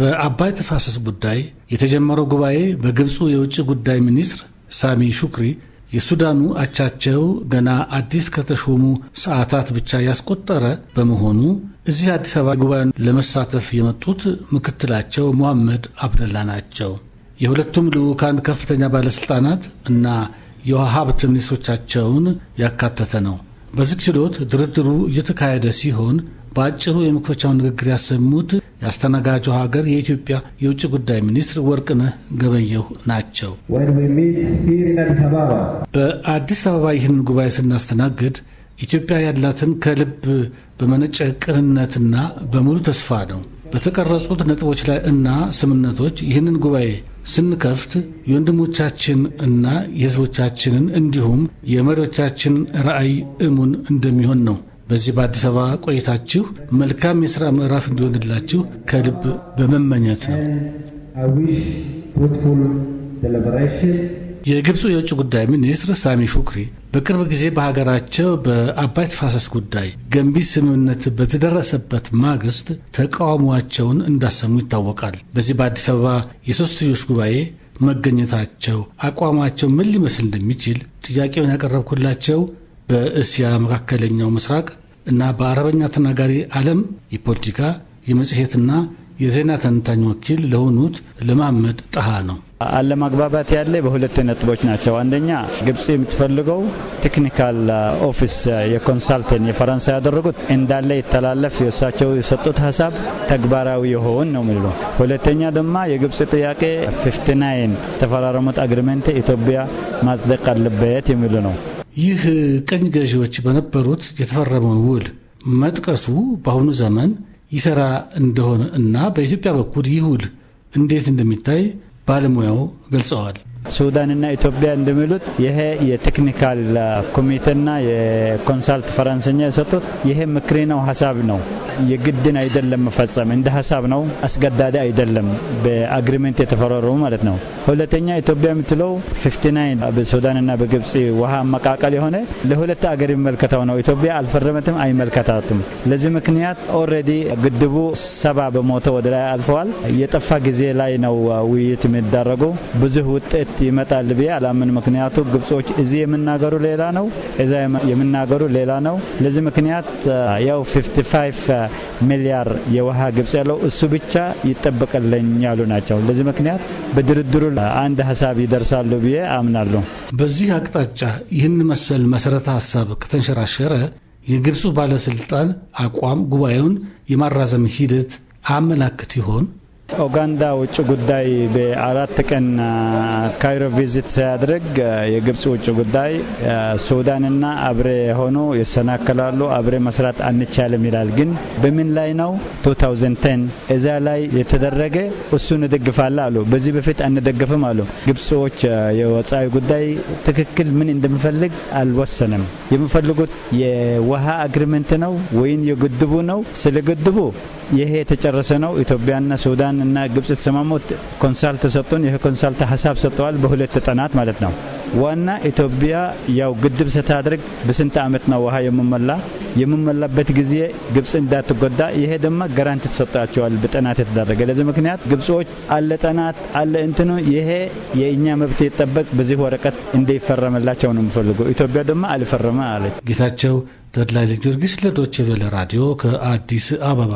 በአባይ ተፋሰስ ጉዳይ የተጀመረው ጉባኤ በግብፁ የውጭ ጉዳይ ሚኒስትር ሳሚ ሹክሪ የሱዳኑ አቻቸው ገና አዲስ ከተሾሙ ሰዓታት ብቻ ያስቆጠረ በመሆኑ እዚህ አዲስ አበባ ጉባኤ ለመሳተፍ የመጡት ምክትላቸው ሞሐመድ አብደላ ናቸው። የሁለቱም ልዑካን ከፍተኛ ባለሥልጣናት እና የውሃ ሀብት ሚኒስትሮቻቸውን ያካተተ ነው። በዚህ ችሎት ድርድሩ እየተካሄደ ሲሆን በአጭሩ የመክፈቻውን ንግግር ያሰሙት ያስተናጋጁ ሀገር የኢትዮጵያ የውጭ ጉዳይ ሚኒስትር ወርቅነህ ገበየሁ ናቸው። በአዲስ አበባ ይህንን ጉባኤ ስናስተናግድ ኢትዮጵያ ያላትን ከልብ በመነጨ ቅንነትና በሙሉ ተስፋ ነው በተቀረጹት ነጥቦች ላይ እና ስምነቶች ይህንን ጉባኤ ስንከፍት የወንድሞቻችን እና የሕዝቦቻችንን እንዲሁም የመሪዎቻችን ራዕይ እሙን እንደሚሆን ነው በዚህ በአዲስ አበባ ቆይታችሁ መልካም የሥራ ምዕራፍ እንዲሆንላችሁ ከልብ በመመኘት ነው። የግብፁ የውጭ ጉዳይ ሚኒስትር ሳሚ ሹክሪ በቅርብ ጊዜ በሀገራቸው በአባይ ተፋሰስ ጉዳይ ገንቢ ስምምነት በተደረሰበት ማግስት ተቃውሟቸውን እንዳሰሙ ይታወቃል። በዚህ በአዲስ አበባ የሦስትዮሽ ጉባኤ መገኘታቸው አቋማቸው ምን ሊመስል እንደሚችል ጥያቄውን ያቀረብኩላቸው በእስያ መካከለኛው ምስራቅ እና በአረበኛ ተናጋሪ ዓለም የፖለቲካ የመጽሔትና የዜና ተንታኝ ወኪል ለሆኑት ለማመድ ጣሃ ነው። አለማግባባት ያለ በሁለት ነጥቦች ናቸው። አንደኛ ግብጽ የምትፈልገው ቴክኒካል ኦፊስ የኮንሳልቲን የፈረንሳይ ያደረጉት እንዳለ ይተላለፍ የእሳቸው የሰጡት ሀሳብ ተግባራዊ የሆን ነው የሚሉ ሁለተኛ ደግሞ የግብጽ ጥያቄ 59 የተፈራረሙት አግሪመንት ኢትዮጵያ ማጽደቅ አለበት የሚሉ ነው። ይህ ቅኝ ገዢዎች በነበሩት የተፈረመውን ውል መጥቀሱ በአሁኑ ዘመን ይሰራ እንደሆነ እና በኢትዮጵያ በኩል ይህ ውል እንዴት እንደሚታይ ባለሙያው ገልጸዋል። ሱዳንና ኢትዮጵያ እንደሚሉት ይሄ የቴክኒካል ኮሚቴና የኮንሳልት ፈረንሰኛ የሰጡት ይሄ ምክሪ ነው፣ ሀሳብ ነው። የግድን አይደለም መፈጸም፣ እንደ ሀሳብ ነው፣ አስገዳደ አይደለም። በአግሪመንት የተፈረረሙ ማለት ነው። ሁለተኛ ኢትዮጵያ የምትለው 59 በሱዳንና በግብጽ ውሃ መቃቀል የሆነ ለሁለት አገር የሚመልከተው ነው። ኢትዮጵያ አልፈረመትም፣ አይመልከታትም። ለዚህ ምክንያት ኦልሬዲ ግድቡ ሰባ በሞተ ወደ ላይ አልፈዋል። የጠፋ ጊዜ ላይ ነው ውይይት የሚደረጉ ብዙ ውጤት ይመጣል ብዬ አላምን። ምክንያቱ ግብጾች እዚህ የምናገሩ ሌላ ነው፣ እዛ የምናገሩ ሌላ ነው። ለዚህ ምክንያት ያው 55 ሚሊያር የውሃ ግብጽ ያለው እሱ ብቻ ይጠበቀልኝ ያሉ ናቸው። ለዚህ ምክንያት በድርድሩ አንድ ሀሳብ ይደርሳሉ ብዬ አምናለሁ። በዚህ አቅጣጫ ይህን መሰል መሰረተ ሀሳብ ከተንሸራሸረ የግብፁ ባለስልጣን አቋም ጉባኤውን የማራዘም ሂደት አመላክት ይሆን? ኦጋንዳ ውጭ ጉዳይ በአራት ቀን ካይሮ ቪዚት ሲያደርግ የግብጽ ውጭ ጉዳይ ሱዳንና አብሬ ሆኖ ይሰናከላሉ፣ አብሬ መስራት አንቻልም ይላል። ግን በምን ላይ ነው 2010 እዛ ላይ የተደረገ እሱ እደግፋለ አሉ። በዚህ በፊት አንደግፍም አሉ። ግብፆዎች የወፃዊ ጉዳይ ትክክል ምን እንደሚፈልግ አልወሰንም። የሚፈልጉት የውሃ አግሪመንት ነው ወይም የግድቡ ነው። ስለ ግድቡ ይሄ የተጨረሰ ነው። ኢትዮጵያና ሱዳን እና ግብጽ የተስማሙት ኮንሳልት ተሰጡን። ይሄ ኮንሳልት ሀሳብ ሰጥተዋል። በሁለት ጥናት ማለት ነው። ዋና ኢትዮጵያ ያው ግድብ ስታድርግ በስንት ዓመት ነው ውሃ የምመላ የምመላበት ጊዜ ግብጽ እንዳትጎዳ፣ ይሄ ደግሞ ጋራንቲ ተሰጣቸዋል በጥናት የተደረገ። ለዚህ ምክንያት ግብጾች አለ ጥናት አለ እንትኑ ይሄ የእኛ መብት ይጠበቅ በዚህ ወረቀት እንደይፈረመላቸው ነው የምፈልገው። ኢትዮጵያ ደግሞ አልፈረመ አለች። ጌታቸው ተድላ ጊዮርጊስ ለዶቼ ቬለ ራዲዮ ከአዲስ አበባ